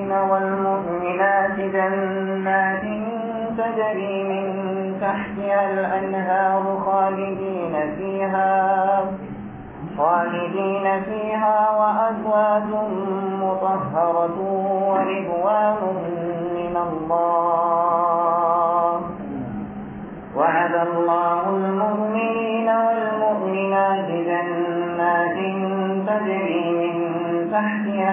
والمؤمنات جنات تجري من تحتها الأنهار خالدين فيها خالدين فيها وأزواج مطهرة ورضوان من الله وعد الله المؤمنين والمؤمنات جنات تجري من تحتها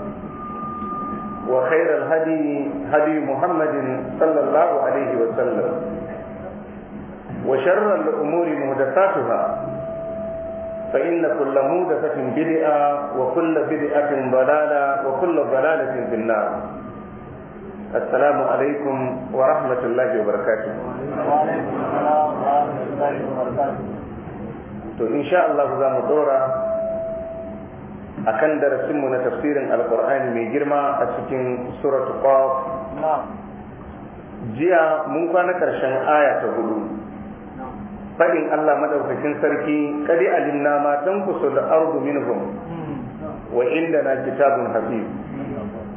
وخير الهدي هدي محمد صلى الله عليه وسلم وشر الأمور مهدفاتها فإن كل مهدفة بدئة وكل بدئة ضلالة وكل ضلالة في النار السلام عليكم ورحمة الله وبركاته وعليكم السلام ورحمة الله وبركاته إن شاء الله za mu akan mu na tafsirin alkur'ani mai girma a cikin suratul qaf jiya mun kwana karshen aya ta hudu fadin Allah madaukakin sarki kadi alimna ma kusul ardu minhum hmm. wa indana kitabun hafiz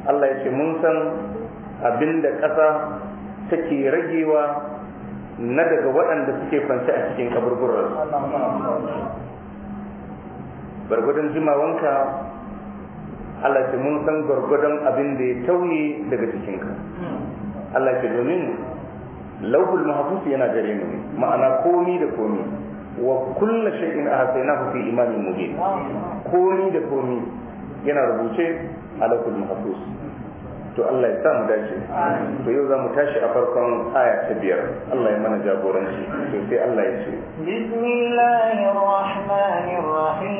Allah ya ce mun san abinda ƙasa take ragewa na daga waɗanda suke kwance a cikin kaburburan gwargwadon jimawanka Allah ke mun san gwargwadon abin da ya tauye daga cikinka Allah ke domin lauhul mahfuz yana gare mu ma'ana komi da komi wa kullu shay'in ahsaynahu fi imani mubin komi da komi yana rubuce a lauhul mahfuz to Allah ya sa mu dace to yau za mu tashi a farkon aya ta biyar Allah ya mana jagoranci to sai Allah ya ce bismillahir rahmanir rahim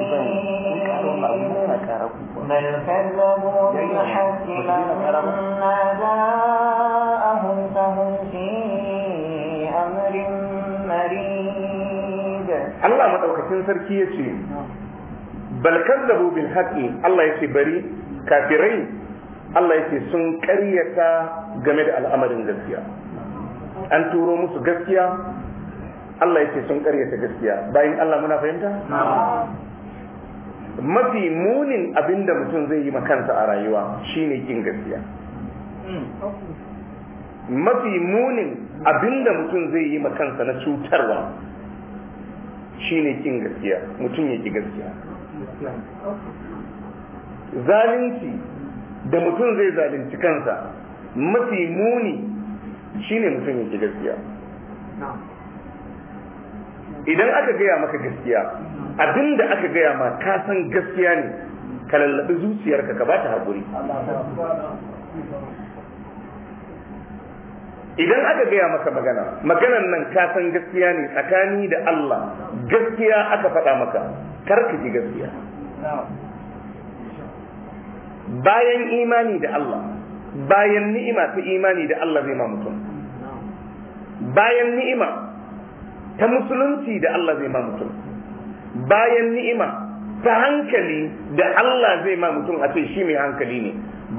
Allah madaukakin sarki yace bal kazzabu bil haqqi Allah ce bari kafirai Allah yake sun ƙaryata game da al'amarin gaskiya an turo musu gaskiya Allah yake sun ƙaryata gaskiya bayan Allah muna fahimta mafi munin abin da mutum zai yi makansa a rayuwa shine kin gaskiya mafi munin abin da mutum zai yi makansa na cutarwa shine kin gaskiya mutum ya ki gaskiya zalunci da mutum zai zalunci kansa mafi muni shine mutum yake gaskiya idan aka gaya maka gaskiya abin aka gaya ma ka gaskiya ne ka lallabi zuciyarka ka ba ta haƙuri idan aka gaya maka magana maganan nan kasan gaskiya ne tsakani da Allah gaskiya aka faɗa maka kar ka ji gaskiya bayan imani da Allah bayan ni'ima ta imani da Allah zai ma mutum bayan ni'ima ta musulunci da Allah zai ma mutum bayan ni'ima ta hankali da Allah zai ma mutum a ce shi mai hankali ne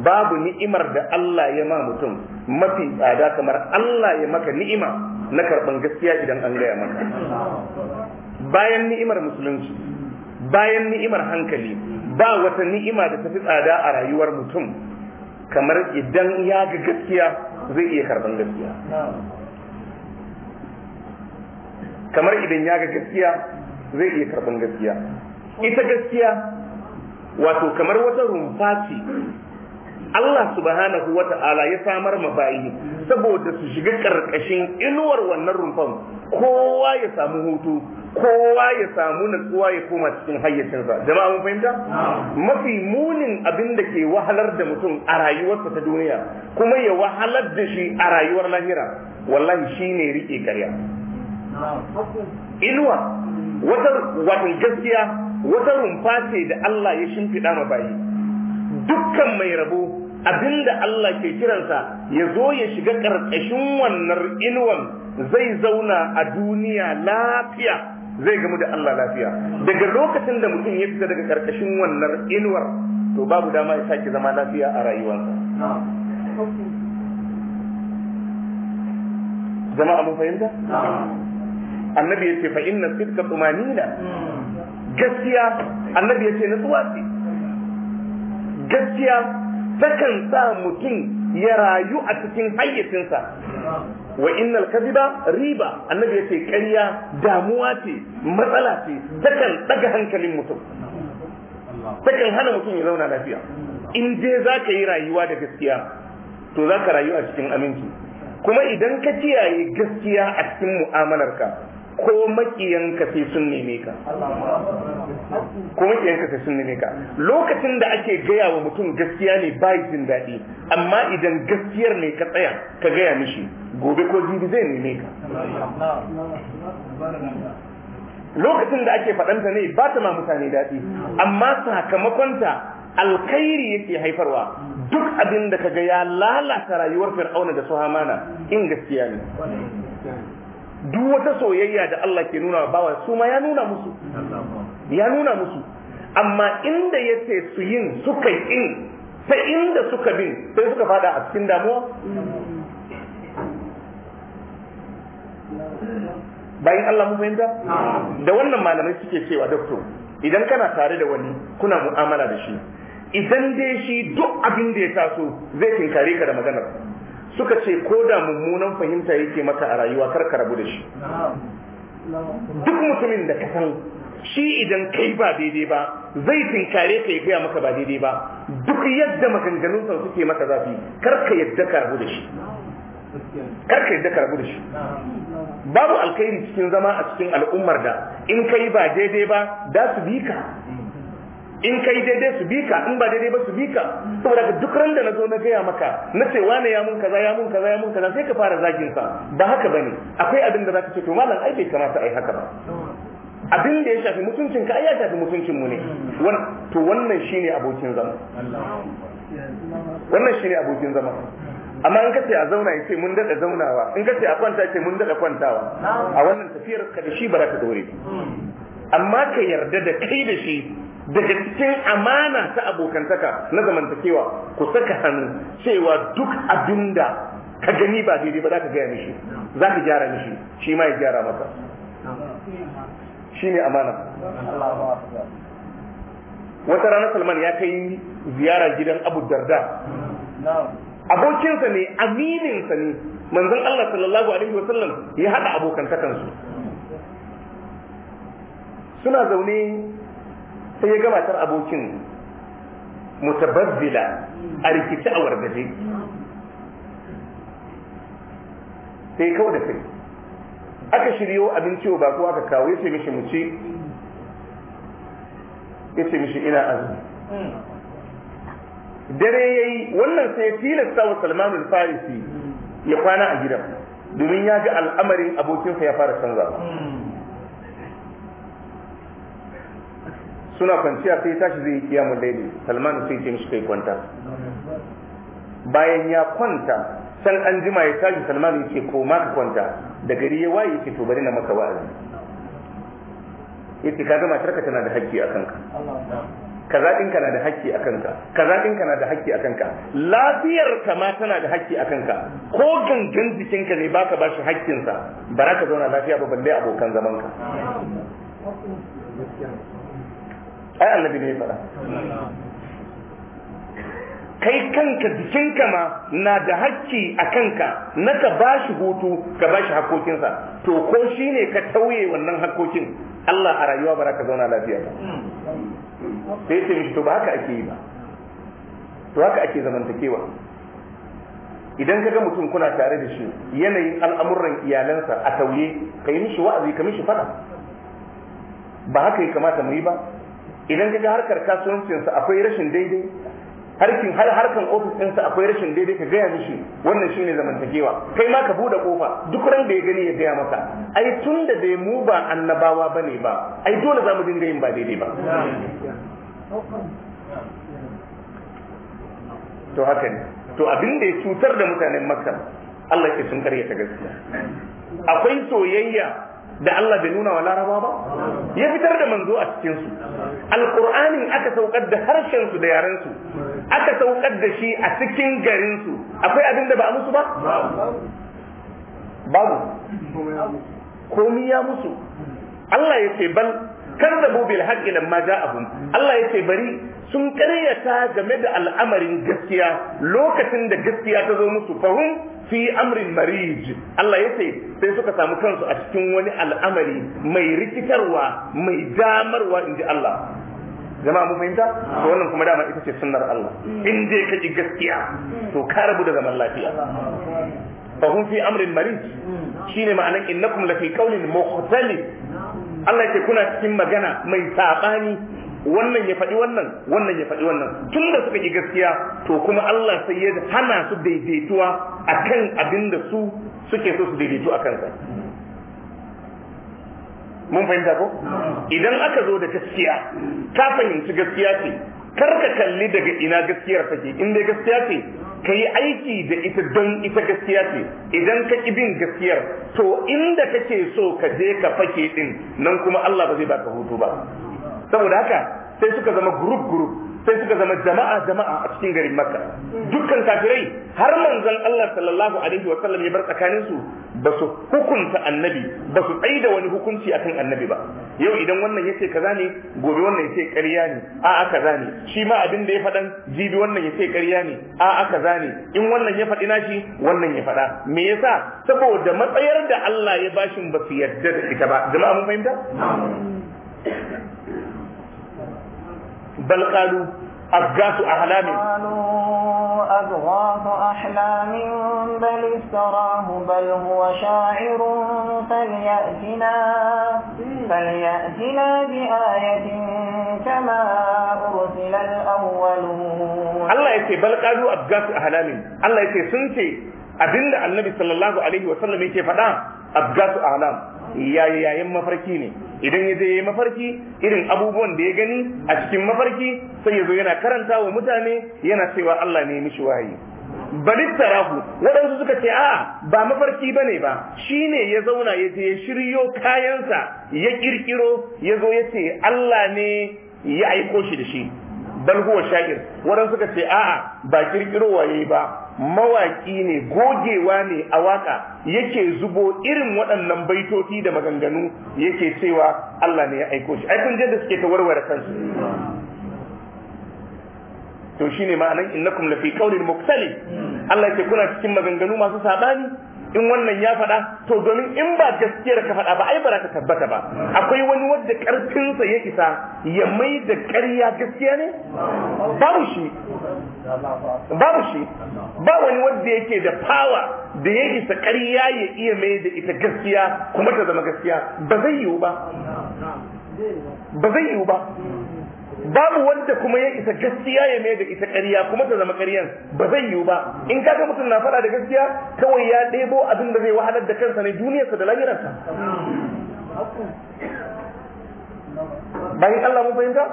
babu ni'imar da Allah ya ma mutum mafi tsada kamar Allah ya maka ni'ima na karɓan gaskiya idan an gaya maka bayan ni'imar musulunci bayan ni'imar hankali ba wata ni'ima da tafi tsada a rayuwar mutum kamar idan ya ga gaskiya zai iya karban gaskiya kamar idan ya ga gaskiya zai iya karban gaskiya ita gaskiya wato kamar wata rumfa ce Allah subhanahu wa ta'ala ya samar ma bayi saboda su shiga karkashin inuwar wannan rumfan kowa ya samu hutu kowa ya samu natsuwa ya koma cikin hayyacinsa jama'a mun fahimta mafi munin abin da ke wahalar da mutum a rayuwarsa ta duniya kuma ya wahalar da shi a rayuwar lahira wallahi shine rike karya inuwa wata wata gaskiya wata rumfa ce da Allah ya shimfiɗa ma bayi dukkan mai rabo abinda Allah ke kiransa ya zo ya shiga ƙarƙashin wannan inuwan zai zauna a duniya lafiya zai gamu da Allah lafiya daga lokacin da mutum ya fita daga ƙarƙashin wannan inuwar to babu dama ya sake zama lafiya a rayuwarsa Zama abu fahimta annabi ya ce fa inna sidqa tumanina gaskiya annabi ya ce natsuwa ce gaskiya takan sa mutum ya rayu a cikin hayyacinsa wa innal kadiba riba annabi yace ƙarya damuwa ce matsala ce takan daga hankalin mutum takan hana mutum ya zauna lafiya in je za ka yi rayuwa da gaskiya to za ka rayu a cikin aminci kuma idan ka kiyaye gaskiya a cikin mu'amalarka ko makiyanka sai sun neme ka ko makiyanka sai sun neme ka lokacin da ake gaya wa mutum gaskiya ne bai jin daɗi amma idan gaskiyar ne ka tsaya ka gaya mishi gobe ko jibi zai neme ka lokacin da ake faɗanta ne ba ta ma mutane daɗi amma sakamakonta alkhairi yake haifarwa duk abin da kaga ya lalata rayuwar fir'auna da su in gaskiya ne duk wata soyayya da Allah ke nuna bawa su ma ya nuna musu ya nuna musu amma inda ya ce su yin suka in sai inda suka bin sai suka fada a cikin damuwa bayan Allah mu fahimta da wannan malamai suke cewa doctor idan kana tare da wani kuna mu'amala da shi idan dai shi duk abin da ya taso zai tinkare ka da maganar suka ce ko da mummunan fahimta yake maka a rayuwa kar ka rabu da shi duk mutumin da ka san shi idan kai ba daidai ba zai tinkare ka ya gaya maka ba daidai ba duk yadda maganganun suke maka zafi kar ka yadda ka rabu da shi kar ka yadda ka rabu da shi babu alkhairi cikin zama a cikin al'ummar da in kai ba daidai ba za su bi ka in kai daidai su bi ka in ba daidai ba su bi ka saboda duk ran da na zo na gaya maka na ce wane ya mun kaza ya mun kaza ya mun kaza sai ka fara zagin sa ba haka bane akwai abin da zaka ce to malam ai bai kamata ai haka ba abin da ya shafi mutuncin ka ai ya shafi mutuncin mu ne to wannan shine abokin zama wannan shine abokin zama amma in kace a zauna yace mun dada zaunawa in kace a kwanta yace mun dada kwantawa a wannan tafiyar ka da shi ba za ka dore amma ka yarda da kai da shi daga cikin amana ta abokantaka na zamantakewa ku saka hannu cewa duk abinda ka gani ba daidai ba za ka gaya mishi za ka gyara mishi shi ma ya gyara maka shi ne amana wata rana salman ya kai ziyara gidan abu darda abokinsa ne amininsa ne manzon Allah sallallahu alaihi wasallam ya haɗa abokantakansu suna zaune sai ya gabatar abokin mutabazzila a rikici a wargaje sai kawo da kai aka shiryo abinci ba kowa aka kawo ya ce mishi mu ci ya ce mishi ina azu dare ya yi wannan sai tilasta wa Salman farisi ya kwana a gidan domin ya ga al'amarin abokinsa ya fara canzawa suna kwanciya sai tashi zai yi kiyamun laili salman sai ce mishi kai kwanta bayan ya kwanta san an jima ya tashi salman ya ce ko ma ka kwanta da gari ya waye ce to bari na maka wa'azi yace ka ga matarka tana da hakki akan ka kaza na da hakki a kanka kaza ɗinka na da hakki a kanka lafiyar ka ma tana da hakki a kanka ko gangan jikinka ne baka bashi haƙƙinsa, ba za ka zauna lafiya ba balle abokan zamanka ai annabi ne fara kai kanka jikinka ma na da hakki a kanka na ka ba shi hutu ka ba bashi sa to ko shi ne ka tauye wannan hakokin Allah a rayuwa ba ka zauna lafiya ba sai ce mishi to ba haka ake yi ba to haka ake zamantakewa idan ka ga mutum kuna tare da shi yanayin al'amuran iyalansa a tauye ka yi mishi wa'azi ka mishi fada ba haka ya kamata mu yi ba idan ka ga harkar kasuwancinsa akwai rashin daidai harkin har harkan ofis akwai rashin daidai ka gaya mishi wannan shine zamantakewa kai ma ka bude kofa duk ran da ya gani ya gaya maka ai tun da mu ba annabawa bane ba ai dole za dinga yin ba daidai ba to haka ne to abin da ya cutar da mutanen makka Allah ke sun karya ta gaskiya akwai soyayya da Allah bai nuna wa laraba ba ya fitar da manzo a cikin su alqur'anin aka saukar da harshen su da yaren su aka saukar da shi a cikin garin su akwai abin da ba a musu ba babu komi ya musu Allah ya ce bal kazzabu bil haqqi lamma ja'ahum Allah ya ce bari sun karyata game da al'amarin gaskiya lokacin da gaskiya ta zo musu fahum fi amrin marij Allah ya ce sai suka samu kansu a cikin wani al'amari mai rikitarwa mai damarwa inji Allah jama'a mun fahimta to wannan kuma dama ita ce sunnar Allah in dai ka ji gaskiya to ka rabu da zaman lafiya fa hum fi amrin marij shine ma'anan innakum lafi qawlin mukhtalif Allah yake kuna cikin magana mai sabani wannan ya faɗi wannan wannan ya faɗi wannan tun da suka yi gaskiya to kuma Allah sai ya hana su daidaituwa akan abinda su suke so su daidaitu a kansa mun fahimta ko idan aka zo da gaskiya ka fahimci gaskiya ce kar ka kalli daga ina gaskiyar take in dai gaskiya ce ka yi aiki da ita don ita gaskiya ce idan ka ki bin gaskiyar to inda kake so ka je ka fake din nan kuma Allah ba zai baka hutu ba saboda haka sai suka zama group group sai suka zama jama'a jama'a a cikin garin makka dukkan kafirai har manzon Allah sallallahu alaihi wa sallam ya bar tsakanin su ba su hukunta annabi ba su tsaida wani hukunci akan annabi ba yau idan wannan yace kaza ne gobe wannan yace ƙarya ne a a kaza ne shi ma abin da ya faɗan jibi wannan yace ƙarya ne a a kaza ne in wannan ya faɗi nashi wannan ya faɗa me yasa saboda matsayar da Allah ya bashin ba su yarda da ita ba jama'a mun fahimta بل قالوا أضغاث أحلام أضغاث أحلام بل افتراه بل هو شاعر فليأتنا فليأتنا بآية كما أرسل الأولون الله يكي بل قالوا أضغاث أحلام الله يكي سنتي abinda annabi sallallahu alaihi wasallam yake faɗa abgatu alam yayayen mafarki ne idan ya je mafarki irin abubuwan da ya gani a cikin mafarki sai ya zo yana karanta wa mutane yana cewa Allah ne mishi wahayi bari tarahu waɗansu suka ce a ba mafarki ba ne ba shi ne ya zauna ya je ya shiryo kayansa ya ƙirƙiro ya zo ya ce Allah ne ya aiko shi da shi bal huwa sha'ir waɗansu suka ce a'a ba ƙirƙirowa yayi ba mawaƙi ne gogewa ne a waƙa yake zubo irin waɗannan baitoti da maganganu yake cewa Allah ne ya aiko shi ai kun da suke ta warware kansu to shine ma'anan innakum lafi qaulin muktali Allah yake kuna cikin maganganu masu sabani in wannan ya faɗa to domin in ba gaskiyar ka faɗa ba ai ba za ta tabbata ba akwai wani wanda ƙarfinsa ya isa ya mai da ƙarya gaskiya ne babu shi babu shi ba wani wanda yake da fawa da ya isa ƙarya ya iya mai da ita gaskiya kuma ta zama gaskiya ba zai yiwu ba ba zai yiwu ba babu wanda kuma ya isa gaskiya ya mai da ita ƙarya kuma ta zama ƙaryan ba zai yiwu ba in ka ga mutum na faɗa da gaskiya kawai ya ɗebo abin da zai wahalar da kansa ne duniyarsa da lahirarsa bayan Allah mun fahimta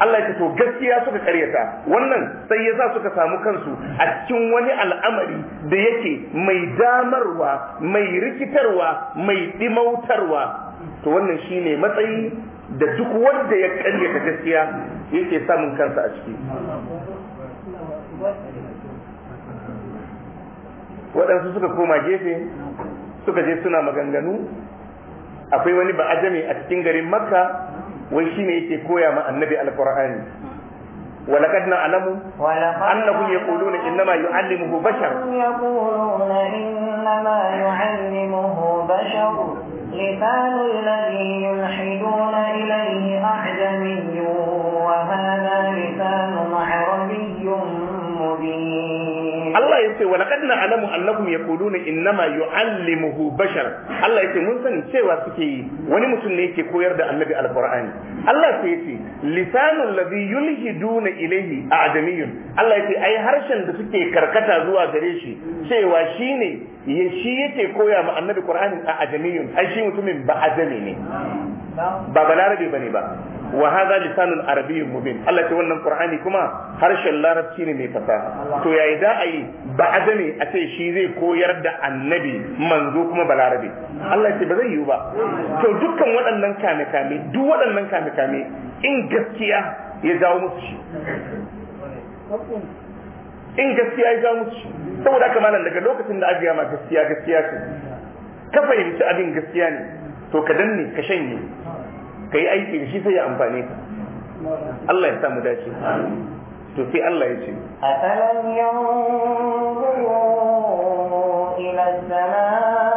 Allah ya to gaskiya suka karyata wannan sai ya sa suka samu kansu a cikin wani al'amari da yake mai damarwa mai rikitarwa mai dimautarwa to wannan shine matsayi da duk wanda ya karyata gaskiya yake samun kansa a ciki waɗansu suka koma gefe suka je suna maganganu akwai wani ba'ajami a cikin garin makka wai shi shine yake koya ma annabi alqur'ani ولقد نعلم أنهم يقولون إنما يعلمه بشر يقولون إنما يعلمه بشر لسان الذي يلحدون إليه أعجمي وهذا لسان عربي مبين Allah ya ce wa laqad na'lamu annahum yaquluna innama yu'allimuhu bashar Allah ya ce mun san cewa suke yi wani mutum ne yake koyar da annabi alqur'ani Allah sai ya ce lisanul ladhi yulhiduna ilayhi a'damiyun Allah ya ce ai harshen da suke karkata zuwa gare shi cewa shine ya shi yake koya ma annabi qur'ani a ajamiyun ai shi mutumin ba ajami ne ba balarabe bane ba Wahaza hadha lisanun arabiyyun mubin Allah ce wannan qur'ani kuma harshen larabci ne mai fasaha to yayi da ayi ba azami a ce shi zai koyar da annabi manzo kuma balarabe Allah ce ba zai yiwu ba to dukkan waɗannan kame kame duk waɗannan kame kame in gaskiya ya jawo musu shi in gaskiya ya musu shi saboda haka malam daga lokacin da abiya ma gaskiya gaskiya ce ka fahimci abin gaskiya ne to ka danne ka shanye ka yi aiki shi sai ya amfani ka Allah ya samu dace to sai Allah ya ce A afalan yau ila samaa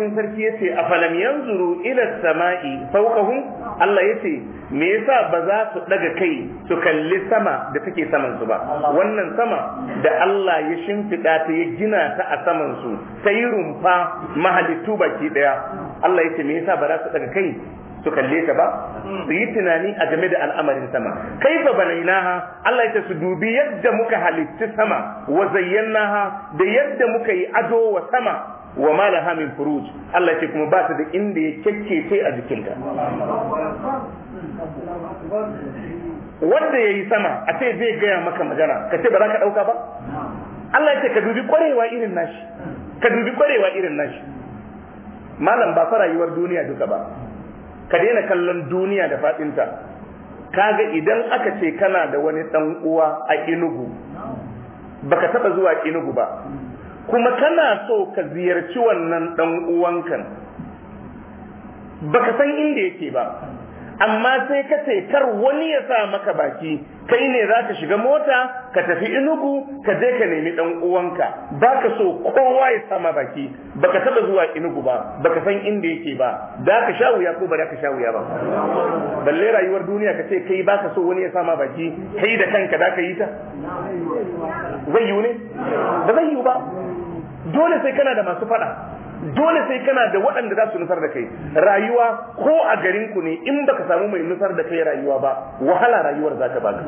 madaukakin sarki yace afalam yanzuru ila samai fawqahum Allah yace me yasa ba za su daga kai su kalli sama da take saman su ba wannan sama da Allah ya shimfiɗa ta ya gina ta a saman su sai rumfa mahalittu baki daya Allah ce me yasa ba za su daga kai su kalle ta ba su yi tunani a game da al'amarin sama kai fa naha Allah ya su dubi yadda muka halitti sama wa zayyanaha da yadda muka yi ado wa sama wa ma laha min furuj Allah ce kuma ba ta da inda ya sai a jikinta wanda yayi sama a ce zai gaya maka magana ka ce ba za ka dauka ba Allah ce ka dubi kwarewa irin nashi ka dubi kwarewa irin nashi malam ba fa rayuwar duniya duka ba ka daina kallon duniya da fadinta kaga idan aka ce kana da wani dan uwa a inugu baka taba zuwa inugu ba kuma kana so ka ziyarci wannan dan uwanka baka san inda yake ba amma sai ka ce kar wani ya sa maka baki kai ne za ka shiga mota ka tafi inugu ka je ka nemi dan uwanka ba ka so kowa ya sama baki baka taba zuwa inugu ba baka san inda yake ba da ka sha wuya ko ba da ka sha wuya ba balle rayuwar duniya ka ce kai ba so wani ya sama baki kai da kanka da ka yi ta zai yiwu ne ba zai yiwu ba dole sai kana da masu fada dole sai kana da waɗanda za su nusar da kai rayuwa ko a garin ku ne in baka samu mai nusar da kai rayuwa ba wahala rayuwar za ta baka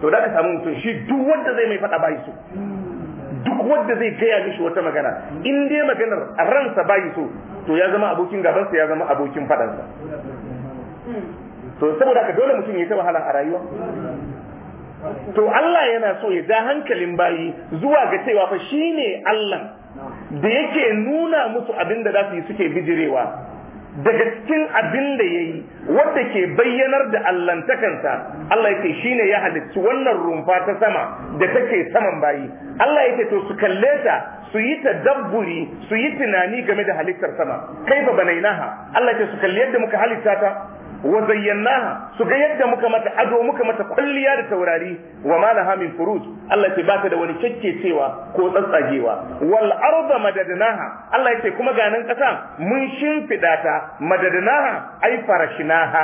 to da ka samu mutum shi duk wanda zai mai fada bayi so duk wanda zai gaya mishi wata magana in dai maganar ransa bayi so to ya zama abokin gabansa ya zama abokin fadansa to saboda ka dole mutum ya ta wahala a rayuwa to Allah yana so ya ja hankalin bayi zuwa ga cewa fa shine Allah da yake nuna musu abin da za su yi suke bijirewa daga cikin abin da ya yi wadda ke bayyanar da allantakansa Allah ya ce shi ne ya halicci wannan rumfa ta sama da take saman bayi Allah ya ce to su kalle ta su yi ta dabburi, su yi tunani game da halittar sama kai ba banainaha Allah ya ce su kalle yadda muka halitta ta wa zayyanaha su ga yadda muka mata ado muka mata kwalliya da taurari wa ma laha min furuj Allah ce ba ta da wani cewa ko tsatsagewa wal arda madadnaha Allah ya ce kuma ganin kasa mun shimfiɗata. ta madadnaha ai farashinaha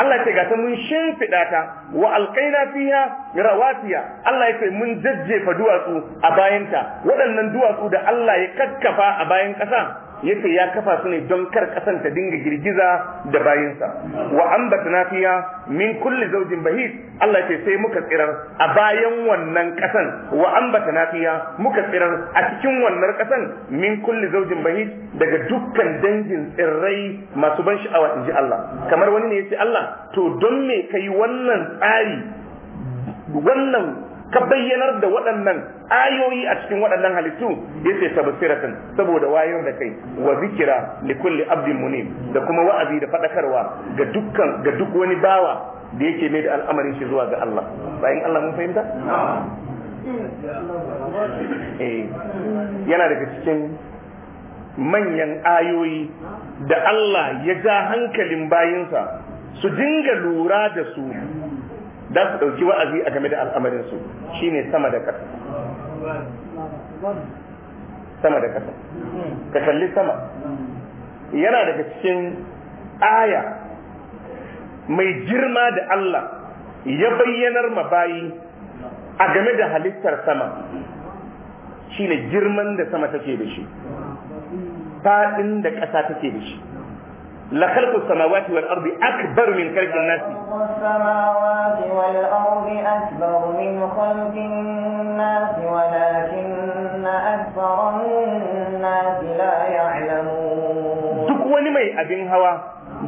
Allah ya ce mun shimfida ta wa alqaina fiha rawatiya Allah ya ce mun jajjefa duwatsu a bayanta waɗannan duwatsu da Allah ya kakkafa a bayan kasa yace ya kafa su ne don kar kasan ta dinga girgiza da bayinsa wa ambatna fiya min kulli zawjin bahis Allah ce sai muka tsirar a bayan wannan kasan wa ambatna fiya muka tsirar a cikin wannan kasan min kulli zawjin bahis daga dukkan dangin tsirrai masu ban sha'awa inji Allah kamar wani ne yace Allah to don me kai wannan tsari wannan ka bayyanar da waɗannan ayoyi a cikin waɗannan halittu ya ce tabsiratan saboda wayar da kai wa zikira li kulli abdin munib da kuma wa'azi da faɗakarwa ga dukkan ga duk wani bawa da yake mai da al'amarin shi zuwa ga Allah bayan Allah mun fahimta eh yana daga cikin manyan ayoyi da Allah ya ja hankalin bayinsa su dinga lura da su za su ɗauki wa'azi a game da al'amarin su shine sama da ƙasa sama da ƙasa ka kalli sama yana daga cikin aya mai girma da Allah ya bayyanar mabayi a game da halittar sama shine girman da sama take da shi faɗin da ƙasa take da shi لخلق السماوات والأرض أكبر من خلق الناس السماوات والأرض أكبر من خلق الناس ولكن أكثر الناس لا يعلمون duk wani mai abin hawa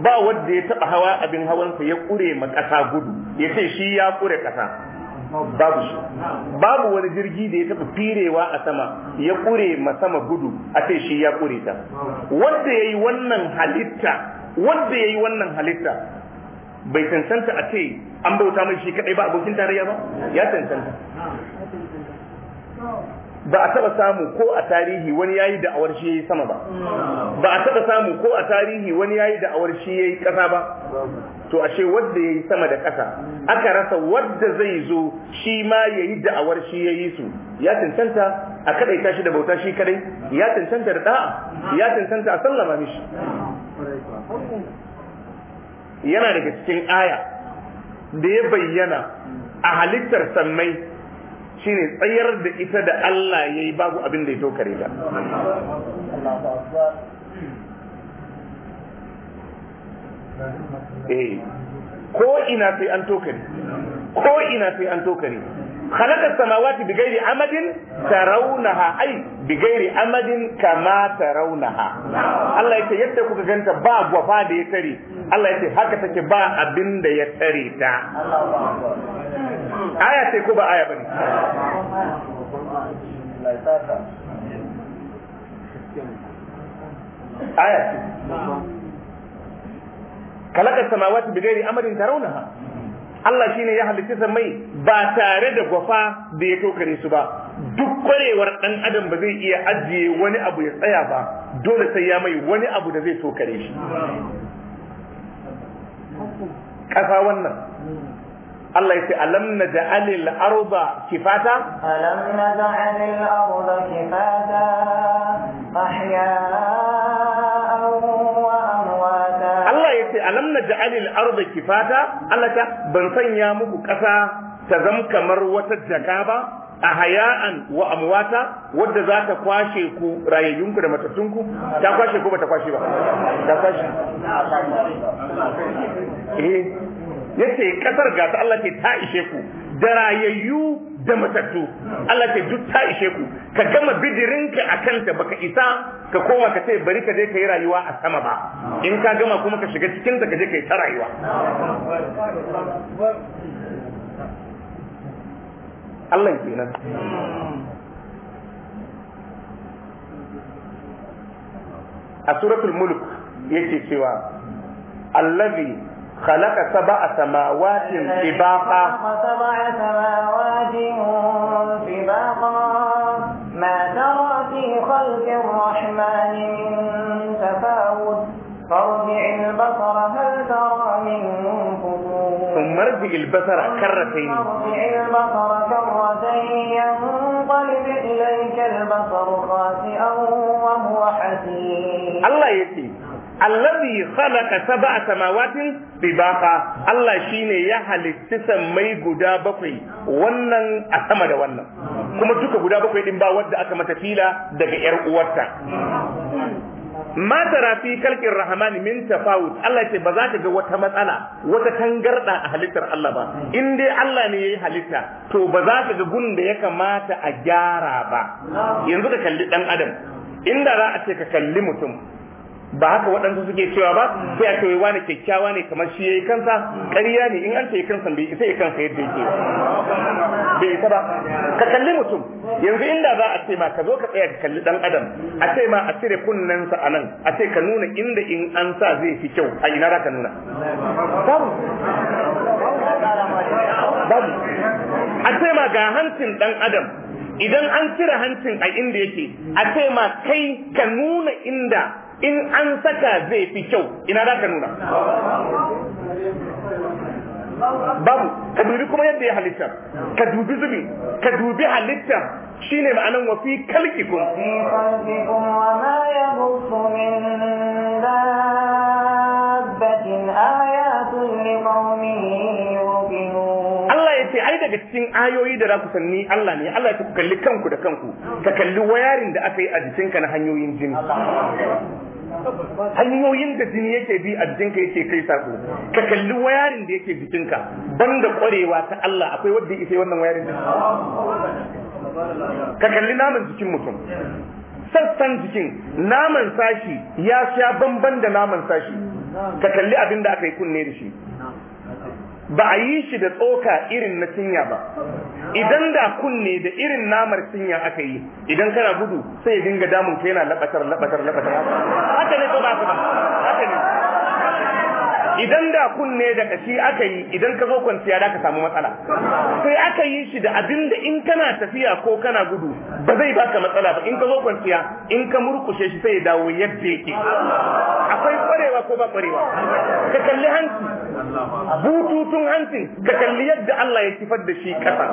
ba wanda ya taɓa hawa abin hawansa ya ƙure ma ƙasa gudu ya ce shi ya ƙure ƙasa babu shi babu wani jirgi da ya taɓa firewa a sama ya kure ma sama gudu a ce shi ya kure ta wanda yayi wannan halitta wanda yayi wannan halitta bai cancanta a ce an bauta mai shi kadai ba abokin tarayya ba ya cancanta ba a taba samu ko a tarihi wani yayi da awar shi yayi sama ba ba a taba samu ko a tarihi wani yayi da awar shi yayi kasa ba to ashe wanda yayi sama da kasa aka rasa wanda zai zo shi ma yayi da awar shi yayi su ya tantanta a kadai tashi da bauta shi kadai ya tantanta da da'a ya tantanta a sallama mishi yana daga cikin aya da ya bayyana a halittar sammai shine tsayar da ita da Allah ya yi babu abin da ya tokare ta eh, ko ina sai an tokare ko ina sai an tokare خلق السماوات بغير عمد ترونها اي بغير عمد كما Allah ya ce yadda kuka ganta ba gwafa da ya tare Allah ya ce haka take ba abin da ya tare ta aya ce ko ba aya bane aya ce kalaka samawati bi gairi amrin tarawunaha Allah shine ya halitta mai ba tare da gwafa da ya tokare su ba duk kwarewar dan adam ba zai iya ajiye wani abu ya tsaya ba dole sai ya mai wani abu da zai tokare shi ƙasa wannan Allah ya ce alam na ja'alil arda kifata alam na ja'alil arda kifata ahya Allah ya ce alam na ja'alil arda kifata Allah ta ban sanya muku kasa ta zama kamar wata jaka ba a haya'an wa amwata wadda za ta kwashe ku rayayyunku da matattunku ta kwashe ku ba ta kwashe ba ta kwashe eh yace kasar ga ta Allah ce ta ishe ku da rayayyu da matattu Allah ce duk ta ishe ku ka gama bidirinka a kanta baka isa ka koma ka ce bari ka je ka yi rayuwa a sama ba in ka gama kuma ka shiga cikin ka je ka yi ta rayuwa Allah ke nan a suratul mulk yake cewa allazi خلق سبع سماوات سباقا سبع سماوات سباقا ما ترى في خلق الرحمن من تفاوت فارجع البصر هل ترى من فتور ثم ارجع البصر كرتين ارجع البصر كرتين ينقلب اليك البصر خاسئا وهو حسين الله يسير allazi khalaqa sab'a samawatin bibaqa Allah shine ya halitti samai guda bakwai wannan a sama da wannan kuma duka guda bakwai din ba wanda aka mata fila daga yar uwarta ma tara fi kalkin rahman min tafawut Allah ce ba za ka ga wata matsala wata tangarda a halittar Allah ba in dai Allah ne yayi halitta to ba za ka ga gunda ya kamata a gyara ba yanzu ka kalli dan adam inda za a ce ka kalli mutum ba haka waɗansu suke cewa ba sai a cewa wani kyakkyawa ne kamar shi ya yi kansa ƙarya ne in an ce kansa bai isa ya kansa yadda yake bai isa ba ka kalli mutum yanzu inda za a ce ma ka zo ka tsaya ka kalli dan adam a ce ma a cire kunnensa a nan a ce ka nuna inda in an sa zai fi kyau a ina za ka nuna babu babu a ce ma ga hancin dan adam idan an cire hancin a inda yake a ce ma kai ka nuna inda in an saka zai fi kyau ina za ka nuna babu ka dubi kuma yadda ya halitta ka dubi zubi ka dubi halitta shine ma'anan wafi kalki kun Allah ya ce ai daga cikin ayoyi da za ku sanni Allah ne Allah ya ku kalli kanku da kanku ka kalli wayarin da aka yi a jikinka na hanyoyin jini hanyoyin da jini yake bi a jikinka yake kai sako ka kalli wayarin da yake jikinka banda kwarewa ta Allah akwai wanda yake wannan wayarin da ka kalli naman jikin mutum sassan jikin naman sashi ya sha bamban da naman sashi ka kalli abin da aka yi kunne da shi ba a yi shi da tsoka irin na cinya ba idan da kunne da irin namar cinya aka yi idan kana gudu sai ya dinga damun ka yana labatar labatar labatar haka ne ba ba haka ne idan da kunne da kashi aka yi idan ka zo kwanciya da ka samu matsala sai aka yi shi da abin da in kana tafiya ko kana gudu ba zai baka matsala ba in ka zo kwanciya in ka murkushe shi sai ya dawo yadda yake akwai kwarewa ko ba kwarewa ka kalli hanci bututun hancin ka kalli yadda Allah ya kifar da shi kasa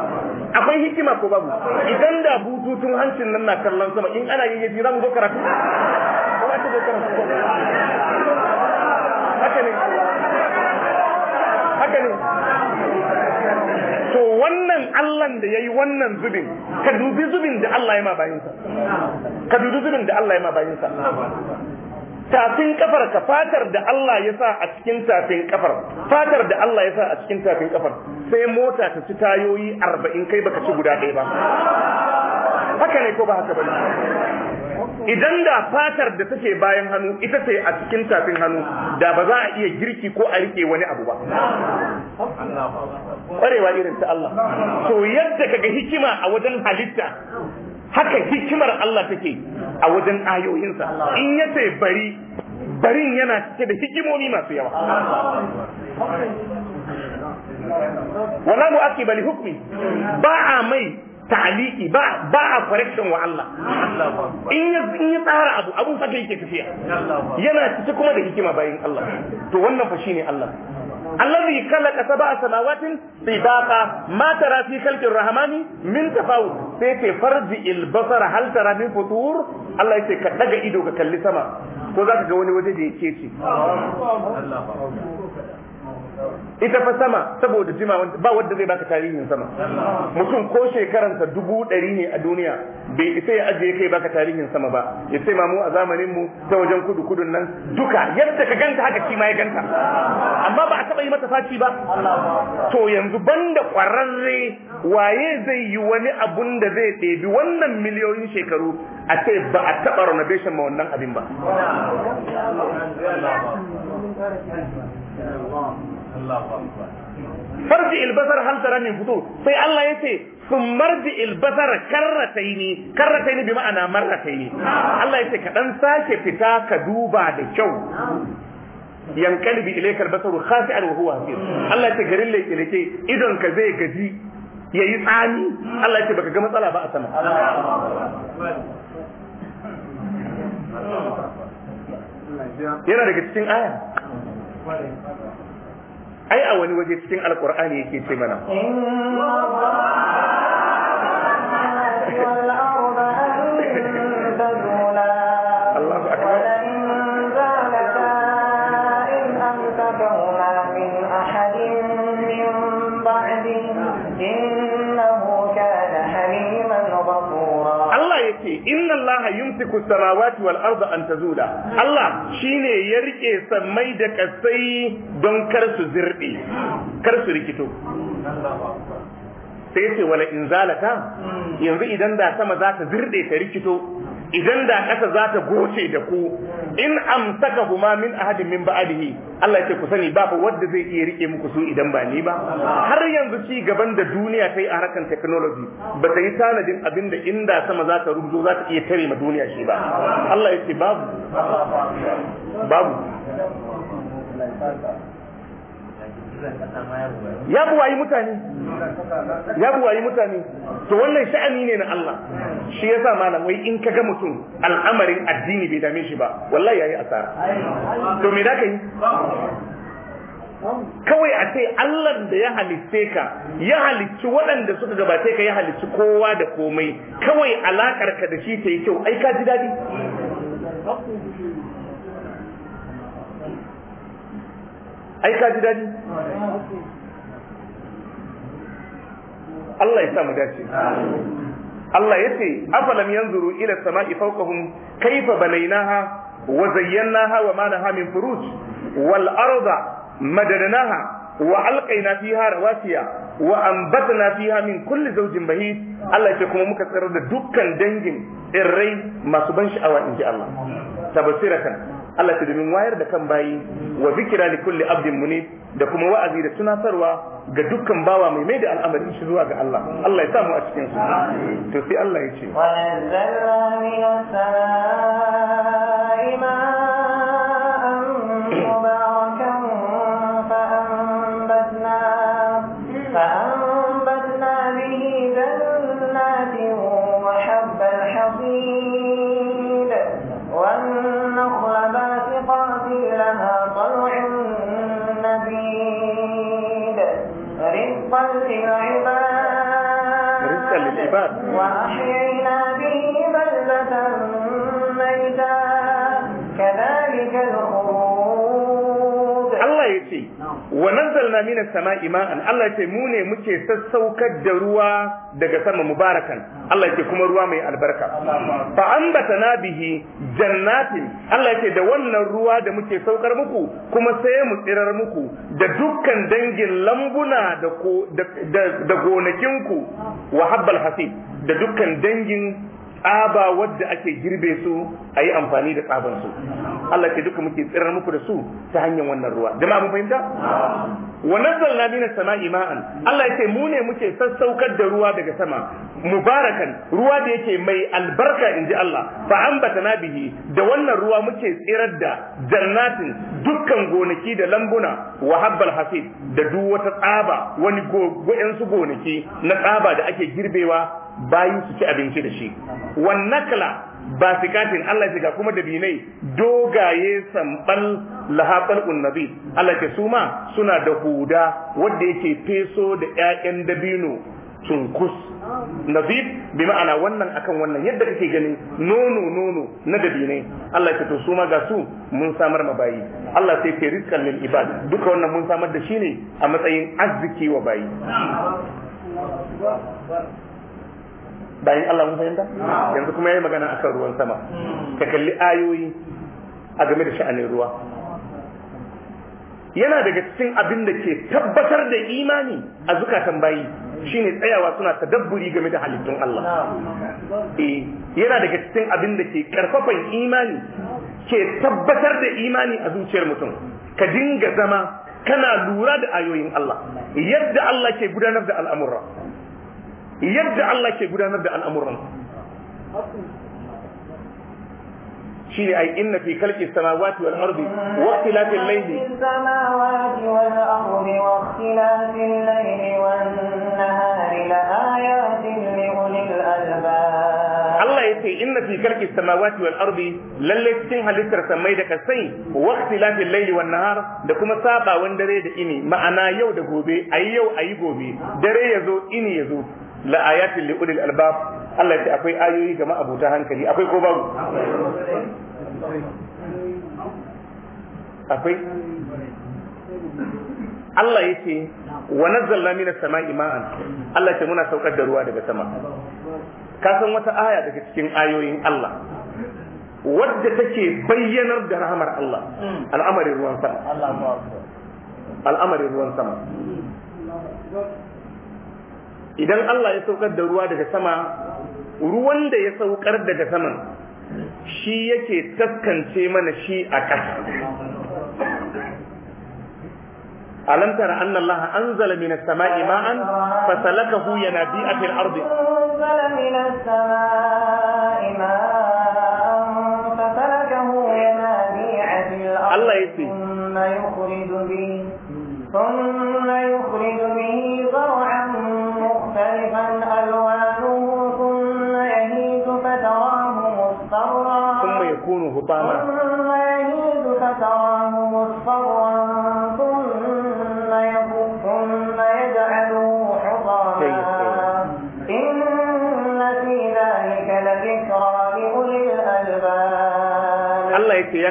akwai hikima ko babu idan da bututun hancin nan na kallon sama in ana yayyafi za mu zo karatu ba ta zo karatu haka ne haka ne to wannan allan da ya yi wannan zubin ka dubi zubin da Allah ya ma bayinsa ka dubi zubin da Allah ya ma bayinsa tafin kafar ka fatar da Allah ya sa a cikin tafin kafar fatar da Allah ya sa a cikin tafin kafar sai mota ta ci tayoyi 40 kai baka ci guda ɗaya ba haka ne ko ba haka ba? idan da fatar da take bayan hannu ita ce a cikin tafin hannu da ba za a iya girki ko a rike wani abu ba kwarewa irin ta Allah to yadda kaga hikima a wajen halitta haka hikimar Allah take a wajen ayoyinsa in ya ce bari barin yana cike da hikimomi masu yawa wala mu aqibali hukmi ba a mai ta'aliki ba ba a correction wa Allah in ya in ya tsara abu abun saka yake tafiya yana cike kuma da hikima bayin Allah to wannan fa ne Allah الذي خلق سبع سماوات طباقا ما ترى في خلق الرحمن من تفاوت sai farji ilbasar hal tara min futur Allah yace ka daga ido ka kalli sama ko zaka ga wani waje da yake ce ita fa sama saboda jima ba wanda zai baka tarihin sama mutum ko shekaransa dubu ɗari ne a duniya bai isa ya ajiye kai baka tarihin sama ba ya ce mamu a zamanin mu ta wajen kudu kudun nan duka yadda ka ganta haka shi ma ya ganta amma ba a taba yi mata faci ba to yanzu banda kwararre waye zai yi wani abun da zai ɗebi wannan miliyoyin shekaru a ce ba a taɓa renovation ma wannan abin ba farji ilbasar hal tara min fito sai Allah ya ce sun marji ilbasar karrataini karrataini bi ma'ana marrataini Allah ya ce ka dan sake fita ka duba da kyau yankalibi ilayka albasaru khasi'an wa huwa hasir Allah ya ce garin leke leke idon ka zai gaji yayi tsani Allah ya ce baka ga matsala ba a sama yana daga cikin aya ai a wani waje cikin alkur'ani yake ce mana Allah yumsiku samawati wal arda an tazula Allah shine ya rike sammai da kasai don kar su zirɗe kar su rikito sai ce wala in yanzu idan da sama za ta zirɗe ta rikito idan da ƙasa za ta goce da ku in amsaka huma min ahadin min ba'dihi Allah yake ku sani ba fa wanda zai iya rike muku su idan ba ni ba har yanzu ci gaban da duniya ta yi a harkan technology ba ta yi tanadin abin da inda sama za ta rubuto za ta iya tare ma duniya shi ba Allah yake babu babu ya buwayi mutane ya buwayi mutane to wannan sha'ani ne na Allah shi yasa malam wai in kaga mutum al'amarin addini bai dame shi ba wallahi yayi asara to me zaka yi kawai a ce Allah da ya halitte ka ya halicci waɗanda suka gabate ka ya halicci kowa da komai kawai alakar ka da shi ta yi kyau ai ka ji daɗi ai ka ji daɗi Allah ya sa mu dace Allah ya ce afalam yanzuru ila sama'i fawqahum kayfa banaynaha wa zayyanaha wa ma laha min furuj wal arda madadnaha wa alqayna fiha rawasiya wa anbatna fiha min kulli zawjin bahid Allah ya ce kuma muka tsirar da dukkan dangin tsirrai masu ban sha'awa inji Allah tabasiratan Allah ta domin wayar da kan bayi wa zikira li kulli abdin munib da kuma wa'azi da tunatarwa ga dukkan bawa mai mai da al'amarin shi zuwa ga Allah Allah ya samu a cikin su to sai Allah ya ce wa nazzalna minas samaa'i wa wa nazzalna minas sama'i ma'an Allah ce mu ne muke sassaukar da ruwa daga sama mubarakan Allah ce kuma ruwa mai albarka fa na bihi jannatin Allah ce da wannan ruwa da muke saukar muku kuma sai mu tsirar muku da dukkan dangin lambuna da da gonakinku wa habbal hasib da dukkan dangin tsaba wadda ake girbe su a yi amfani da tsabansu Allah ke duka muke tsirar muku da su ta hanyar wannan ruwa jama'a mun fahimta wa nazzalna minas sama'i ma'an Allah yace mu ne muke sassaukar da ruwa daga sama mubarakan ruwa da yake mai albarka inji Allah fa ambatana bihi da wannan ruwa muke tsirar da jannatin dukkan gonaki da lambuna wa habbal hasid da duk wata tsaba wani su gonaki na tsaba da ake girbewa bayin su ci abinci da shi Wannan kala. ba katin, Allah ya kuma da binai dogaye samban lahabal unnabi Allah ya su ma suna da huda wanda yake feso da ƴaƴan dabino cunkus Nabi bi ma'ana wannan akan wannan yadda kake gani, nono nono na dabinai Allah ya su ma ga su mun samar ma bayi Allah sai ke rizqan lil ibad duka wannan mun samar da shi ne a matsayin arziki wa bayi bayan Allah mun fahimta yanzu kuma yayi magana akan ruwan sama ka kalli ayoyi a game da sha'anin ruwa yana daga cikin abin da ke tabbatar da imani a zukatan bayi shine tsayawa suna tadabburi game da halittun Allah eh yana daga cikin abin da ke karfafan imani ke tabbatar da imani a zuciyar mutum ka dinga zama kana lura da ayoyin Allah yadda Allah ke gudanar da al'amura yadda Allah ke gudanar da al'amuran shi ne ai inna fi kalki samawati wal ardi wa ikhtilafil layli samawati wal ardi wa ikhtilafil layli wan nahari la ayatin li ulil albab Allah yace inna fi kalki samawati wal ardi lalle cikin halittar samai da kasai wa ikhtilafil layli wan nahar da kuma sabawan dare da ini ma'ana yau da gobe ayi yau ayi gobe dare yazo ini yazo la ayatin li ulil albab Allah ya akwai ayoyi ga ma'abuta hankali akwai ko babu akwai Allah ya ce wa nazzalna minas sama'i ma'an Allah ya ce muna saukar da ruwa daga sama ka san wata aya daga cikin ayoyin Allah wadda take bayyanar da rahamar Allah al'amarin ruwan sama al'amarin ruwan sama idan Allah ya saukar da ruwa daga sama ruwan da ya saukar daga saman shi yake taskance mana shi a ƙasa alam tara anna Allah anzala minas sama'i ma'an fasalakahu yanabi'a fil ardi anzala minas sama'i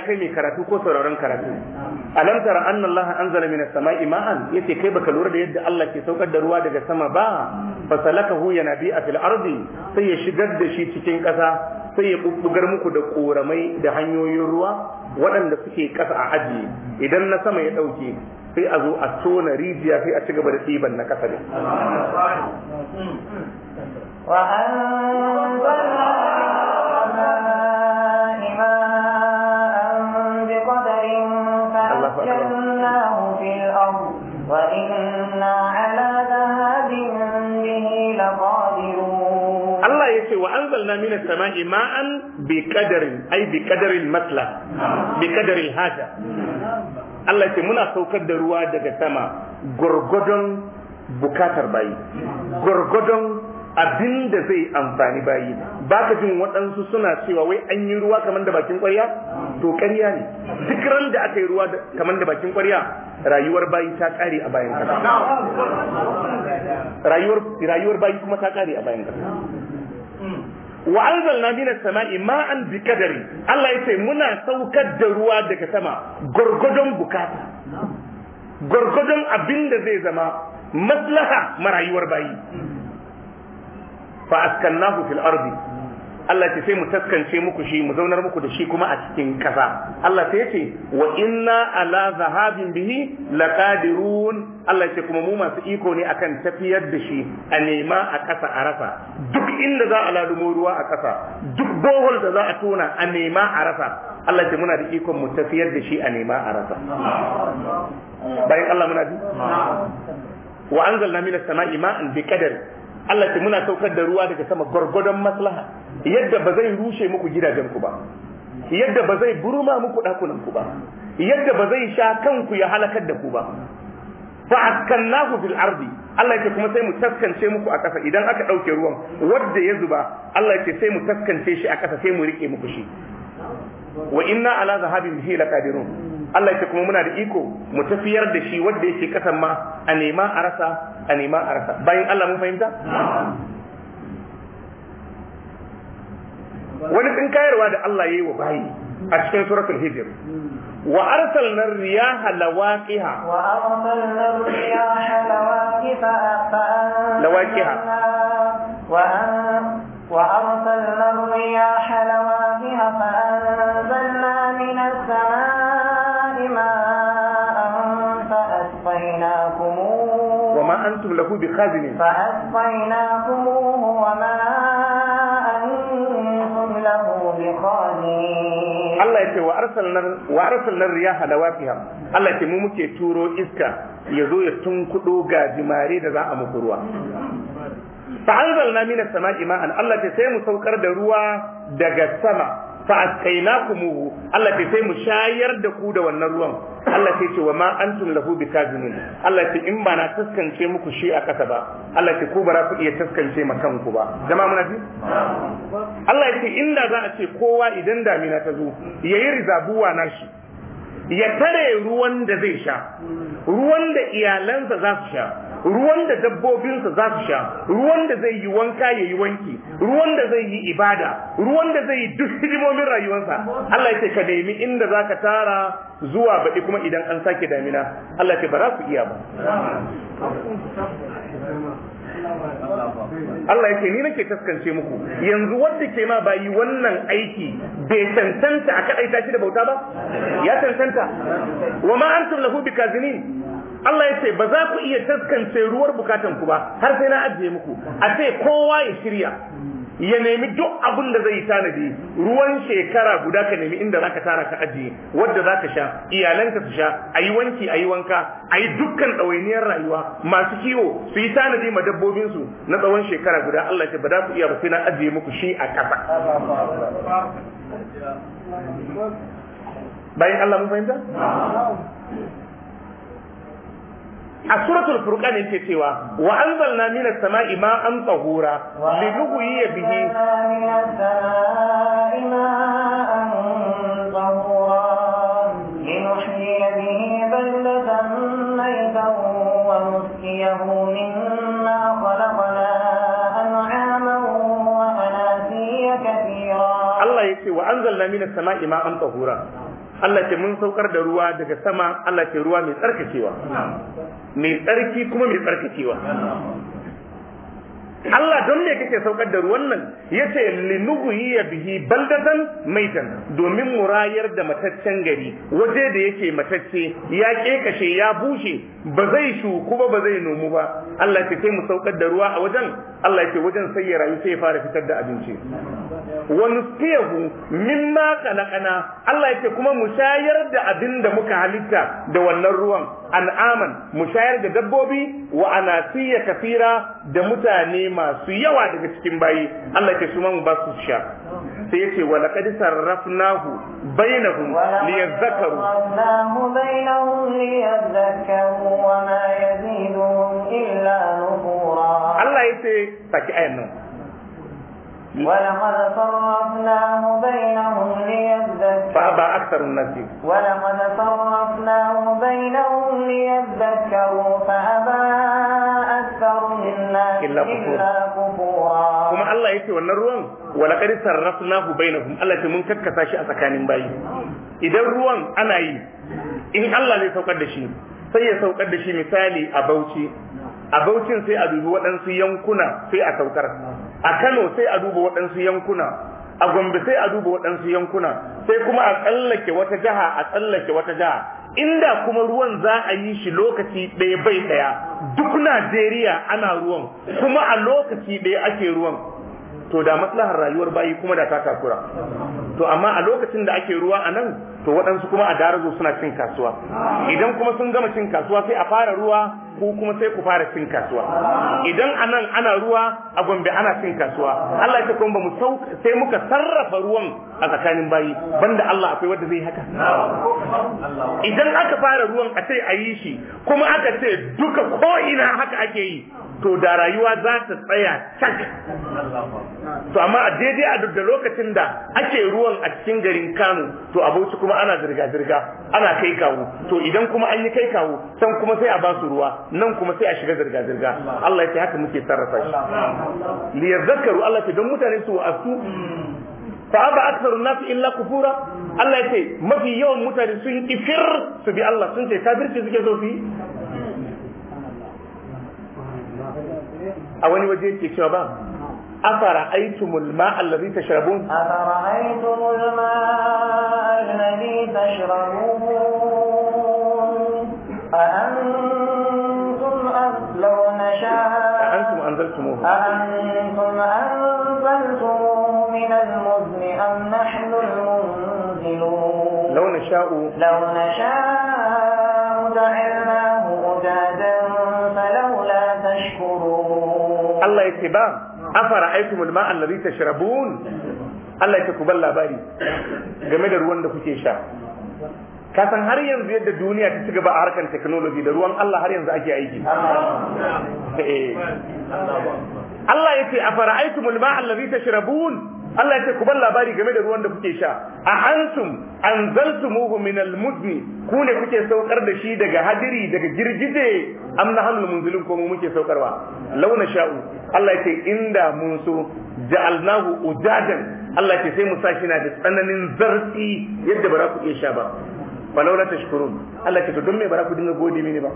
kai mai karatu ko sauraron karatu alam tara anna allaha anzala minas samai ma'an yace kai baka lura da yadda Allah ke saukar da ruwa daga sama ba fasalakahu yanabi'a fil ardi sai ya shigar da shi cikin ƙasa sai ya bubbugar muku da koramai da hanyoyin ruwa waɗanda suke ƙasa a ajiye idan na sama ya ɗauke sai a zo a tona rijiya sai a ci gaba da ɗiban na ƙasa ne. yace wa anzalna minas sama'i ma'an bi qadarin ai bi qadarin masla bi qadarin haja Allah ce muna saukar da ruwa daga sama gurgudun bukatar bayi gurgudun abin da zai amfani bayi ba ka jin waɗansu suna cewa wai an yi ruwa kamar da bakin ƙwarya to ƙarya ne duk ran da aka yi ruwa kamar da bakin ƙwarya rayuwar bayi ta ƙare a bayan ƙasa rayuwar bayi kuma ta ƙare a bayan ƙasa wa anzalna minas sama'i ma'an biqadari Allah yace muna saukar da ruwa daga sama gurgudun bukata gurgudun abinda zai zama maslaha marayuwar bayi fa askannahu fil ardi Allah ce sai mu taskance muku shi mu zaunar muku da shi kuma a cikin kasa Allah sai ce, wa inna ala zahabin bihi laqadirun Allah ce kuma mu masu iko ne akan tafiyar da shi a nema a kasa a rasa duk inda za a lalumo ruwa a kasa duk bohol da za a tona a nema a rasa Allah ce muna da ikon mu tafiyar da shi a nema a rasa bayan Allah muna bi wa anzalna minas sama'i ma'an bi qadar Allah ce muna saukar da ruwa daga sama gwargwadon maslaha yadda ba zai rushe muku gidajen ku ba yadda ba zai burma muku dakunan ku ba yadda ba zai sha kanku ya halakar da ku ba fa askannahu bil ardi Allah ce kuma sai mu taskance muku a ƙasa idan aka ɗauke ruwan wanda ya zuba Allah ce sai mu taskance shi a ƙasa sai mu rike muku shi wa inna ala zahabin bihi laqadirun Allah ya kuma muna da iko mu tafiyar da shi wanda yake kasan ma a nema a rasa a nema a rasa bayan Allah mun fahimta wani kayarwa da Allah ya yi wa bayi a cikin suratul hijr وأرسلنا الرياح لواقها وأرسلنا الرياح لواقها وأرسلنا الرياح لواقها له بخازن فأسقيناكموه وما أنتم له بخازنين الله يتي وأرسلنا وأرسلنا الرياح لوافها الله يتي مو muke turo iska ya zo ya tunkudo gajimare da za a muku ruwa fa anzalna minas sama'i ma'an Allah ya sai mu saukar da ruwa daga sama fa askaynakumuhu Allah ce sai mu shayar da ku da wannan ruwan Allah ce ce wa ma antum lahu bikazimin Allah ce in ba na taskance muku shi a kasa ba Allah ce ku ba za ku iya taskance ma kanku ba jama'a muna ji Allah ce inda za a ce kowa idan damina ta zo yayi rizabuwa na shi ya tare ruwan da zai sha ruwan da iyalansa za su sha ruwan da dabbobinsa za su sha ruwan da zai yi wanka ya yi wanki ruwan da zai yi ibada ruwan da zai yi duk hidimomin rayuwarsa Allah ya ce ka nemi inda za ka tara zuwa baɗi kuma idan an sake damina Allah ya ce ba za ku iya ba Allah yake ni nake taskance muku yanzu wanda ke ma bayi wannan aiki bai tantanta a kaɗai tashi da bauta ba ya tantanta wa ma antum lahu bikazinin Allah ya ce ba za ku iya taskance ruwar bukatan ku ba har sai na ajiye muku a ce kowa ya shirya ya nemi duk abin da zai tanadi ruwan shekara guda ka nemi inda zaka tara ka ajiye wanda zaka sha iyalanka su sha ayi wanki ayi wanka ayi dukkan dawainiyar rayuwa masu kiwo su yi tanadi ma dabbobin su na tsawon shekara guda Allah ya ce ba za ku iya ba sai na ajiye muku shi a kasa bayan Allah mun fahimta a suratul furqan yake cewa wa anzalna minas sama'i ma'an tahura li nuhyiya bihi Allah ya ce wa anzalna minas sama'i ma'an tahura Allah ce mun saukar da ruwa daga sama Allah ce ruwa mai tsarkakewa mai tsarki kuma mai tsarkakewa Allah don me kake saukar da ruwan nan yace ya bihi baldatan maitan domin mu rayar da mataccen gari waje da yake matacce ya kekashe ya bushe ba zai shu kuma ba zai nomu ba Allah ya kai mu saukar da ruwa a wajen Allah ya ce wajen sai ya rayu sai ya fara fitar da abinci wa nusqiyahu mimma khalaqana Allah ya ce kuma mu shayar da abinda muka halitta da wannan ruwan an'aman mu shayar da dabbobi wa anasiya kafira da mutane masu yawa daga cikin bayi Allah ya su mu ba su sha sai yace wa laqad sarrafnahu bainahum liyadhakkaru bainahum liyadhakkaru wa ma yaziduhum illa nufura Allah yace saki ayan nan ولقد صرفناه بينهم ليذكروا فأبى أكثر الناس ولقد صرفناه بينهم ليذكروا فأبى أكثر الناس إلا كفورا كما الله يتي ونروان ولقد صرفناه بينهم الله يتي من كتكسا أسكان باي إذا الروان أنا إيه إن الله يسوقد شيء سيسوقد شيء مثالي da a Bauchin sai a dubi waɗansu yankuna sai a saukar a Kano sai a duba waɗansu yankuna a Gombe sai a duba waɗansu yankuna sai kuma a tsallake wata jiha a tsallake wata jiha inda kuma ruwan za a yi shi lokaci ɗaya bai ɗaya duk Najeriya ana ruwan kuma a lokaci ɗaya ake ruwan to da maslahar rayuwar bayi kuma da ta takura to amma a lokacin da ake ruwa a nan to waɗansu kuma a darazo suna cin kasuwa idan kuma sun gama cin kasuwa sai a fara ruwa ko kuma sai ku fara cin kasuwa idan a nan ana ruwa a gombe ana cin kasuwa Allah ya kuma mu sai muka sarrafa ruwan a tsakanin bayi banda Allah akwai wanda zai haka idan aka fara ruwan a sai a yi shi kuma aka ce duka ko ina haka ake yi to da rayuwa za ta tsaya cak to amma a daidai a duk da lokacin da ake ruwan a cikin garin Kano to abuci kuma ana zirga zirga ana kai kawo to idan kuma an yi kai kawo san kuma sai a basu ruwa nan kuma sai a shiga zirga zirga Allah ya ce haka muke sarrafa shi li yazakkaru Allah ce don mutane su wa'asu fa aba aktharun nas illa kufura Allah ya ce mafi yawan mutane sun kifir su bi Allah sun ce kafirci suke so su yi a wani waje yake cewa ba أفرأيتم الماء الذي تشربون أفرأيتم الماء الذي تشربون أأنتم لو أأنتم أنزلتموه أأنتم أنزلتموه من المزن أم نحن المنزلون لو نشاء لو نشاء جعلناه أجاجا فلولا تشكرون Allah ya ce ba afara mulma ma allazi shirabun. Allah ya ce ku bar labari game da ruwan da kuke sha ka san har yanzu yadda duniya ta ci gaba a harkar technology da ruwan Allah har yanzu ake aiki eh. Allah ya yake afara mulma ma allazi shirabun. Allah ya ce ku bar labari game da ruwan da kuke sha a antum anzaltumuhu min almudni ku ne kuke saukar da shi daga hadiri daga girgije am nahnu munzilun ko mu muke saukarwa launa sha'u Allah ya ce inda mun so ja'alnahu ujadan Allah ya ce sai mu sa shi na da tsananin zartsi yadda ba za ku iya sha ba laula tashkurun Allah ya ce to don me ba za ku dinga gode mini ba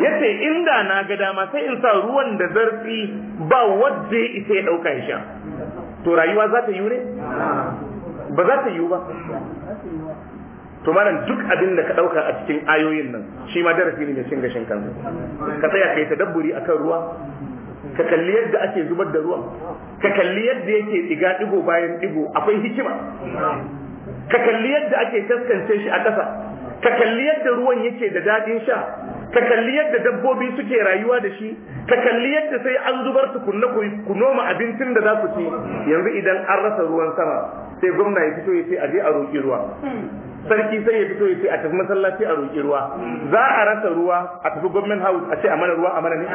yace inda na ga dama sai in sa ruwan da zarfi ba wadda ya isa ya dauka ya sha to rayuwa za ta yi ne ba za ta yi ba to malam duk abin da ka dauka a cikin ayoyin nan shi ma darasi ne mai cin gashin kansa ka tsaya kai tadabburi akan ruwa ka kalli yadda ake zubar da ruwan ka kalli yadda yake diga digo bayan digo akwai hikima ka kalli yadda ake kaskance shi a ƙasa ka kalli yadda ruwan yake da daɗin sha ka kalli yadda dabbobi suke rayuwa da shi ka kalli yadda sai an zubar tukunna ku noma abincin da za ku ci yanzu idan an rasa ruwan sama sai gwamna ya fito ya ce a je a roƙi ruwa sarki sai ya fito ya ce a tafi masallaci a roƙi ruwa za a rasa ruwa a tafi government house a ce a mana ruwa a mana ne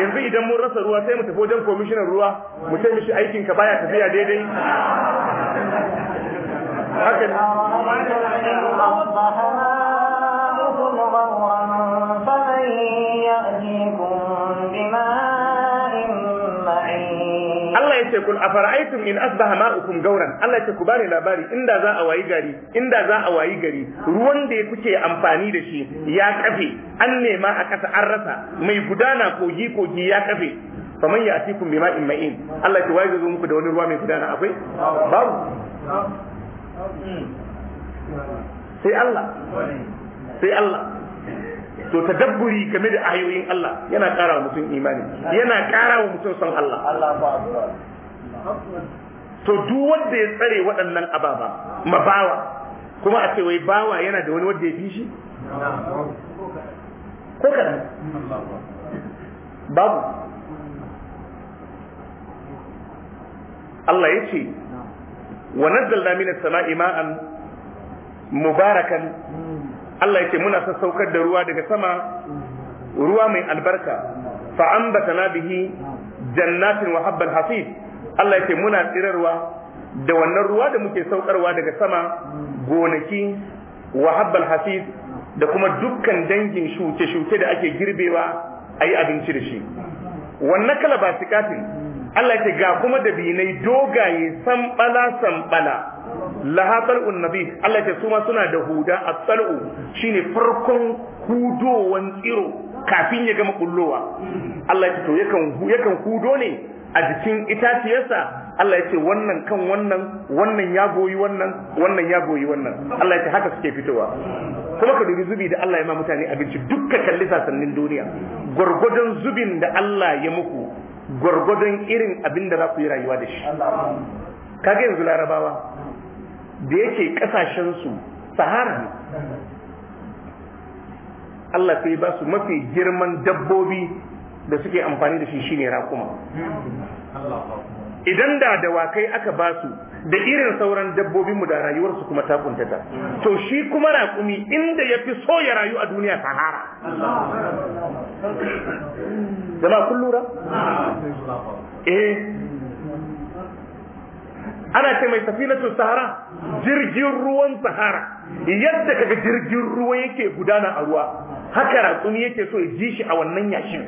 yanzu idan mun rasa ruwa sai mu tafi wajen kwamishinan ruwa mu ce mishi aikin ka baya tafiya daidai haka غورا فمن يأتيكم بماء معين الله يقول أفرأيتم إن أصبح ماؤكم غورا الله يقول باري لا باري إن دا ذا أواي غري إن za a wayi gari, ruwan da ya kuke amfani da shi ya kafe an nema a kasa an rasa mai gudana kogi kogi ya kafe faman ya atikum bima in ma'in Allah ki waje zo muku da wani ruwa mai gudana akwai babu hmm. sai Allah sai Allah to tadabburi game da ayoyin Allah yana ƙara wa mutum imani yana ƙara wa mutum san Allah to duk wanda ya tsare waɗannan ababa mabawa kuma a ce wai bawa yana da wani wanda ya fi shi ko kan babu Allah ya ce wa nazzalna minas sama'i ma'an mubarakan Allah ce muna sassaukar da ruwa daga sama ruwa mai albarka fa batana bihi jannatin wa habbal hasid Allah yake muna tsirarwa da wannan ruwa da muke saukarwa daga sama gonaki wa habbal da kuma dukkan dangin shuke-shuke da ake girbewa a yi abinci da shi wannan kalaba sikatin Allah yake ga kuma da binai dogaye sambala sambala laha tal'un nabi Allah ya suma suna da huda a talu shine farkon hudowan tsiro kafin ya gama kullowa Allah ya to yakan yakan hudo ne a jikin itaciyarsa Allah ya ce wannan kan wannan wannan ya goyi wannan wannan ya goyi wannan Allah ya ce haka suke fitowa kuma ka dubi zubi da Allah ya ma mutane abinci dukka kalli sasannin duniya gwargwadon zubin da Allah ya muku gwargwadon irin abinda da za ku yi rayuwa da shi kaga yanzu larabawa da yake ƙasashen su sahara ne Allah sai ba su mafi girman dabbobi da suke amfani da shi shine raƙuma idan da dawakai aka ba su da irin sauran dabbobinmu da rayuwarsu kuma ta kuntata to shi kuma raƙumi inda ya fi so ya rayu a duniya sahara jama'a kun lura eh ana ce mai safinatu sahara jirgin ruwan sahara yadda kaga jirgin ruwa yake gudana a ruwa haka ratsumi yake so ya ji shi a wannan yashin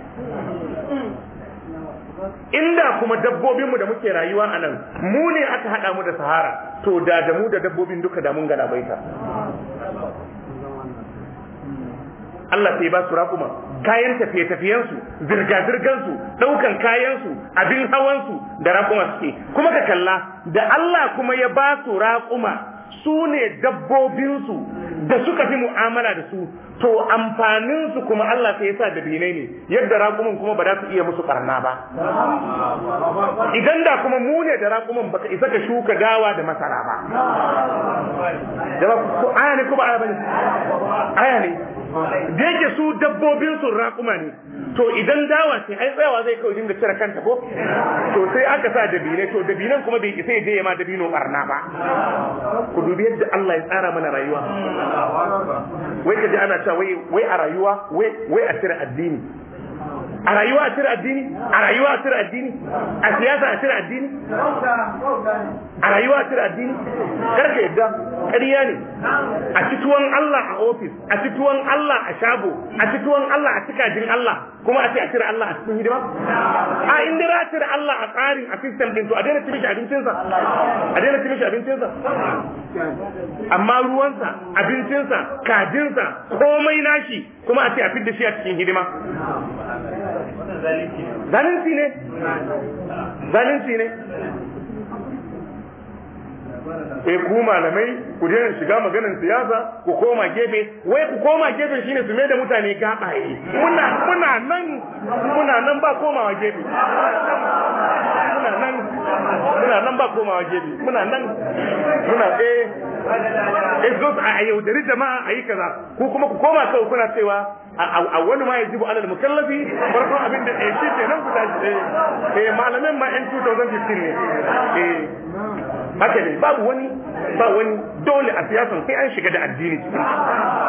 inda kuma dabbobinmu da muke rayuwa a nan mu ne aka haɗa mu da sahara to da da mu da dabbobin duka da mun galabaita Allah sai ba su raƙuma kayan tafiye tafiyen zirga zirgan su daukan abin hawansu da raƙuma suke kuma ka kalla da Allah kuma ya ba su raƙuma su ne dabbobin da suka fi mu'amala da su to amfaninsu su kuma Allah sai ya sa da ne yadda rakuman kuma ba za su iya musu barna ba idan da kuma mu ne da raƙuman baka isa ka shuka gawa da masara ba jama'a ko aya ne ko ba da yake su dabbobin su raƙuma ne to idan dawa sai ai tsayawa zai kawo dinga cire kanta ko to sai aka sa dabinai to dabinan kuma bai isa je ya ma dabino barna ba ku dubi yadda Allah ya tsara mana rayuwa wai kaje ana cewa wai a rayuwa wai a cire addini a rayuwa a cire addini a rayuwa a cire addini a siyasa a cire addini a rayuwa a cire addini karka yadda ƙarya ne a cituwan Allah a ofis a cituwan Allah a shago a cituwan Allah a cikajin Allah kuma a ce a cire Allah a cikin hidima a inda za a cire Allah a tsarin a system din to a daina cimishi abincinsa a daina cimishi abincinsa amma ruwansa abincinsa kajinsa komai nashi kuma a ce a fidda shi a cikin hidima zalunci ne zalunci ne eh malamai ku daina shiga maganar siyasa ku koma gefe wai ku koma gefe shine su mai da mutane gabaye eh. muna muna nan muna nan ba komawa gefe muna nan muna nan ba komawa gefe muna nan muna eh Ezo eh, zo a yaudari jama'a ayi kaza ku kuma ku koma kawai kuna cewa A wani ma yajibu alal mukallafi farko abin da eh kenan ku tashi eh, eh malamin ma in 2015 ne eh haka ne babu wani ba wani dole a siyasan sai an shiga da addini cikin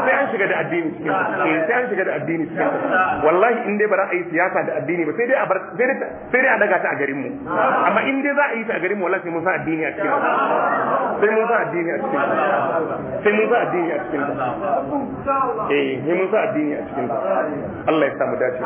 sai an shiga da addini cikin eh, sai an shiga da addini cikin wallahi in dai ba za a yi siyasa da addini ba sai dai a bar sai dai a daga ta a garin mu amma in dai za a yi ta a garin mu wallahi sai mun sa addini a cikin sai mun sa addini a cikin sai mun sa addini a cikin eh sai mun sa addini a cikin Allah ya samu dace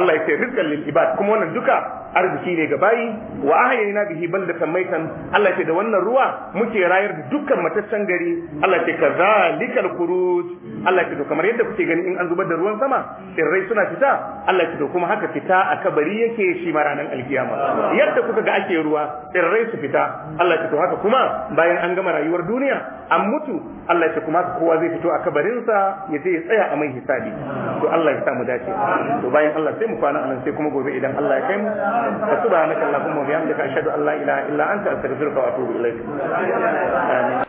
Allah ya ce rizqan lil ibad kuma wannan duka arziki ne ga bayi wa ahyayna bihi baldatan maitan Allah ya ce da wannan ruwa muke rayar da dukkan matattan gari Allah ya ce kazalikal khuruj Allah ya ce kamar yadda kuke gani in an zubar da ruwan sama tsirrai suna fita Allah ya ce kuma haka fita a kabari yake shi ma ranar alkiyama yadda kuka ga ake ruwa tsirrai su fita Allah ya ce haka kuma bayan an gama rayuwar duniya an mutu Allah ya kuma kowa zai fito a kabarinsa ya je ya tsaya a mai hisabi to Allah ya sa mu dace to bayan Allah sai mu kwana anan sai kuma gobe idan Allah ya kai mu allahumma wa bihamdika ashhadu an la ilaha illa anta astaghfiruka wa atubu ilaik amin